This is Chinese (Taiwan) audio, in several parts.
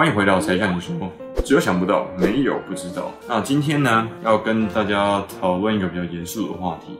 歡迎回到我才跟你說，只有想不到，沒有不知道。那今天呢，要跟大家討論一個比較嚴肅的話題，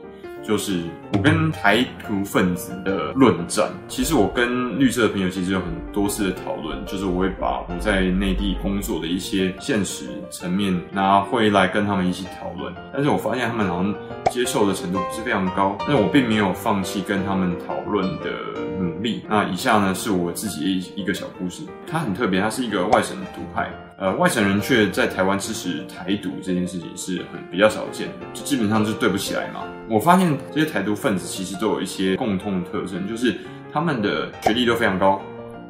就是我跟台獨分子的論戰。其實我跟綠色的朋友其實有很多次的討論，就是我會把我在內地工作的一些現實層面，拿回來跟他們一起討論。但是我發現他們好像。接受的程度不是非常高，但我並沒有放棄跟他們討論的努力。那以下呢，是我自己的一一個小故事，他很特別，他是一個外省的獨派，呃，外省人卻在台灣支持台獨這件事情是很比較少見的，就基本上就是對不起來嘛。我發現這些台獨分子其實都有一些共通的特徵，就是他們的學歷都非常高。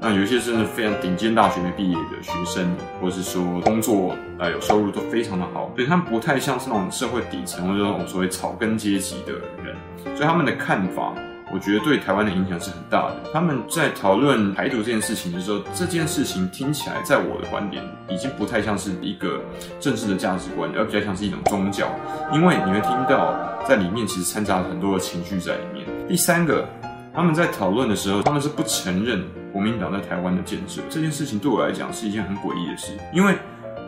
那有一些真的非常頂尖大學沒畢業的學生，或者是說工作啊有收入都非常的好，所以他們不太像是那種社會底層或者那種所謂草根階級的人，所以他們的看法，我覺得對台灣的影響是很大的。他們在討論台獨這件事情的時候，這件事情聽起來，在我的觀點已經不太像是一個政治的價值觀，而比較像是一種宗教，因為你會聽到在裡面其實摻雜了很多的情緒在裡面。第三個，他們在討論的時候，他們是不承認。國民黨在台灣的建設這件事情，對我來講是一件很詭異的事，因為。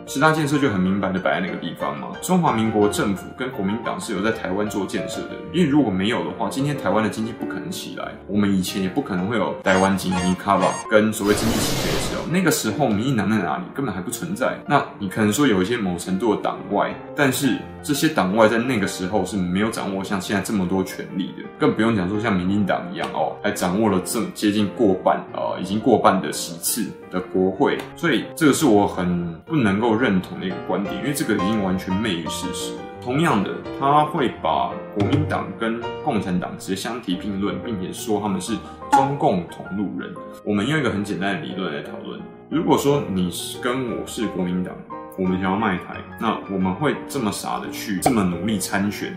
十大建設就很明白的擺在那個地方嘛。中華民國政府跟國民黨是有在台灣做建設的，因為如果沒有的話，今天台灣的經濟不可能起來，我們以前也不可能會有台灣經濟卡吧跟所謂經濟起飛的時候，那個時候民進黨在哪裡根本還不存在。那你可能說有一些某程度的黨外，但是這些黨外在那個時候是沒有掌握像現在這麼多權力的，更不用講說像民進黨一樣哦，還掌握了正接近過半啊，呃，已經過半的席次的國會。所以這個是我很不能夠。認同的一個觀點，因為這個已經完全昧於事實。同樣的，他會把國民黨跟共產黨直接相提並論，並且說他們是中共同路人。我們用一個很簡單的理論來討論：如果說你是跟我是國民黨，我們想要賣台，那我們會這麼傻的去這麼努力參選，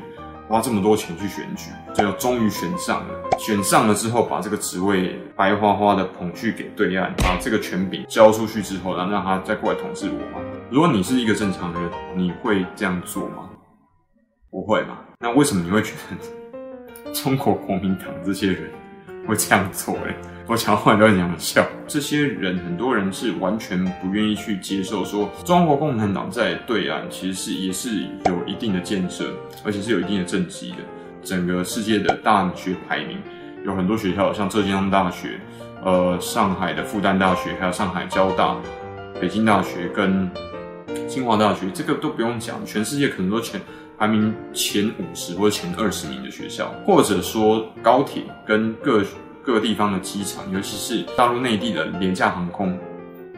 花這麼多錢去選舉，最後終於選上了。選上了之後，把這個職位白花花的捧去給對岸，把這個權柄交出去之後，然後讓他再過來統治我嗎？如果你是一個正常的人，你會這樣做嗎？不會吧？那為什麼你會覺得中國國民黨這些人會這樣做誒、欸、我想要換段講笑。這些人很多人是完全不願意去接受說，說中國共產黨在對岸其實是也是有一定的建設，而且是有一定的政績的。整個世界的大學排名，有很多學校，像浙江大學、呃上海的復旦大學，還有上海交大、北京大學跟。清華大學這個都不用講，全世界可能都前排名前五十或者前二十名的學校，或者說高鐵跟各各個地方的機場，尤其是大陸內地的廉價航空，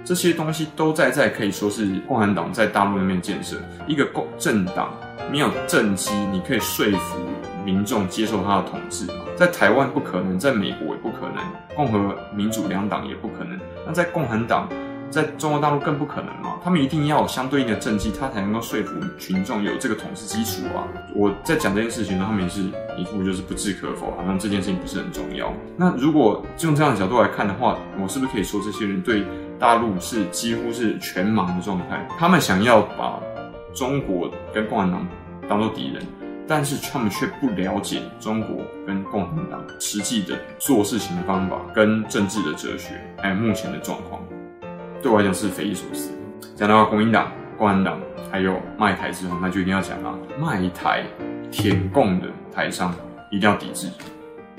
這些東西都在在可以說是共產黨在大陸那邊建設。一個共政黨沒有政績，你可以說服民眾接受他的統治，在台灣不可能，在美國也不可能，共和民主兩黨也不可能，那在共產黨。在中國大陸更不可能嘛。他們一定要有相對應的政績，他才能夠說服群眾有這個統治基礎啊！我在講這件事情，他們也是一副就是不置可否，好像這件事情不是很重要。那如果用這樣的角度來看的話，我是不是可以說這些人對大陸是幾乎是全盲的狀態？他們想要把中國跟共產黨當做敵人，但是他們卻不了解中國跟共產黨實際的做事情的方法、跟政治的哲學，還有目前的狀況。對我來講是匪夷所思。這樣的話，國民黨、共產黨還有賣台之王，那就一定要講到、啊、賣台、舔共的台商一定要抵制。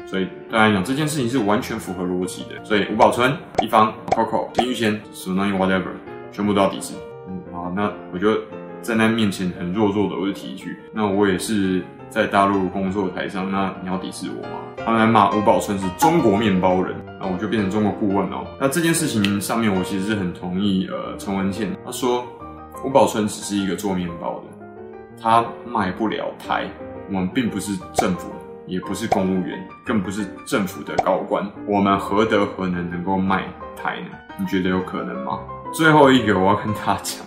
所以對我來講，這件事情是完全符合邏輯的。所以吳寶春、一芳、Coco、鮮芋仙、什麼東西 whatever，全部都要抵制。嗯，好，那我就站在那面前很弱弱的，我就提一句，那我也是，在大陸工作台上，那你要抵制我嗎？他們還罵吳寶春是中國麵包人，那我就變成中國顧問了。那這件事情上面，我其實是很同意。呃，陳文茜他說，吳寶春只是一個做面包的，他賣不了台。我們並不是政府，也不是公務員，更不是政府的高官。我們何德何能能夠賣台呢？你覺得有可能嗎？最後一個，我要跟大家講，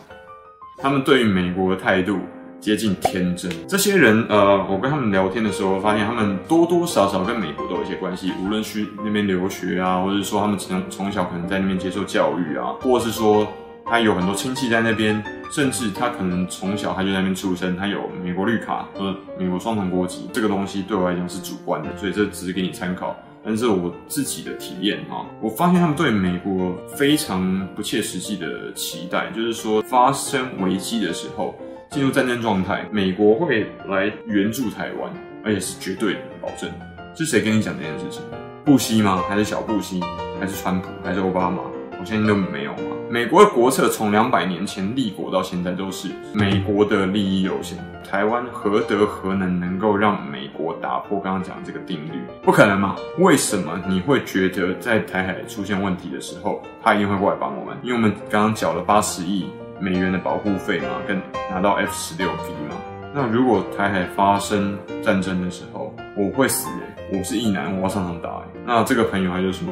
他們對於美國的態度。接近天真，這些人，呃，我跟他們聊天的時候，發現他們多多少少跟美國都有一些關係，無論去那邊留學啊，或者說他們從從小可能在那邊接受教育啊，或者是說他有很多親戚在那邊，甚至他可能從小他就在那邊出生，他有美國綠卡，或者美國雙重國籍，這個東西對我來講是主觀的，所以這只是給你參考，但是我自己的體驗啊，我發現他們對美國非常不切實際的期待，就是說發生危機的時候，進入戰爭狀態，美國會來援助台灣，而且是絕對的保證。是誰跟你講這件事情？布希嗎？還是小布希？還是川普？還是奧巴馬？我相信都沒有嘛。美國的國策從兩百年前立國到現在都是美國的利益優先。台灣何德何能能夠讓美國打破剛剛講的這個定律？不可能嘛。為什麼你會覺得在台海出現問題的時候，他一定會過來幫我們？因為我們剛剛繳了八十億。美元的保護費嘛，跟拿到 F 十六 V 嘛，那如果台海發生戰爭的時候，我會死耶、欸，我是一男，我要上場打耶、欸。那這個朋友他就說，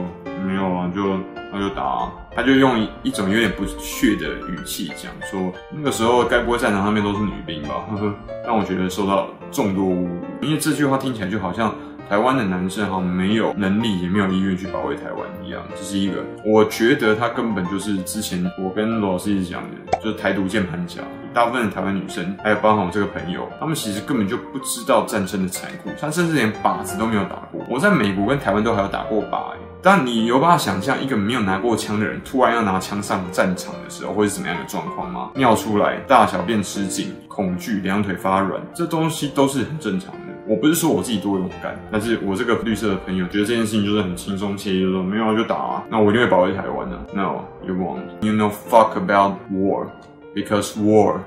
沒有啊，就他就打，啊。他就用一,一種有點不屑的語氣講說，那個時候該不會戰場上面都是女兵吧？呵呵，讓我覺得受到眾多侮辱。因為這句話聽起來就好像。台灣的男生好像沒有能力，也沒有意願去保衛台灣一樣，這是一個。我覺得他根本就是之前我跟羅老師一直講的，就是台獨鍵盤俠。大部分的台灣女生，還有包括我這個朋友，他們其實根本就不知道戰爭的殘酷，他甚至連靶子都沒有打過，我在美國跟台灣都還有打過靶、欸，但你有辦法想象一個沒有拿過槍的人，突然要拿槍上戰場的時候，會是什麼樣的狀況嗎？尿出來，大小便失禁，恐懼，兩腿發軟，這東西都是很正常的。我不是說我自己多勇敢，但是我這個綠色的朋友覺得這件事情就是很輕鬆，愜意，就是、說沒有、啊、就打啊。那我一定會保衛台灣的、啊。No, you won't. You know fuck about war, because war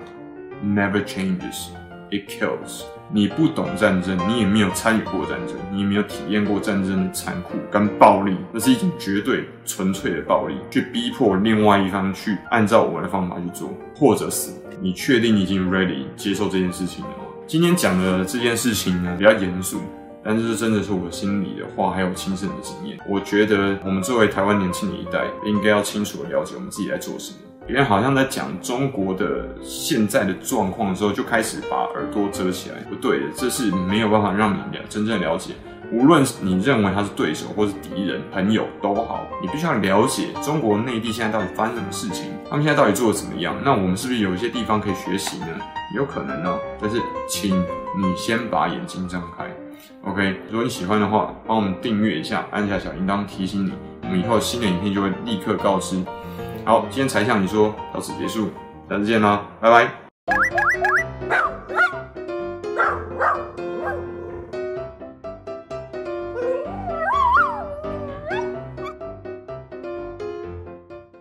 never changes. It kills. 你不懂戰爭，你也沒有參與過戰爭，你也沒有體驗過戰爭的殘酷跟暴力。那是一種絕對純粹的暴力，去逼迫另外一方去按照我們的方法去做，或者是你確定你已經 ready 接受這件事情了。了今天講的這件事情呢，比較嚴肅，但是真的是我心裡的話，還有親身的經驗。我覺得我們作為台灣年輕的一代，應該要清楚的了解我們自己在做什麼。別人好像在講中國的現在的狀況的時候，就開始把耳朵遮起來，不對的，這是沒有辦法讓你們真正了解。無論你認為他是對手或是敵人、朋友都好，你必須要了解中國內地現在到底發生什麼事情，他們現在到底做得怎麼樣。那我們是不是有一些地方可以學習呢？有可能哦、啊。但是請你先把眼睛張開。OK，如果你喜歡的話，幫我們訂閱一下，按下小鈴鐺提醒你，我們以後新的影片就會立刻告知。好，今天才向你說到此結束，下次見啦，拜拜。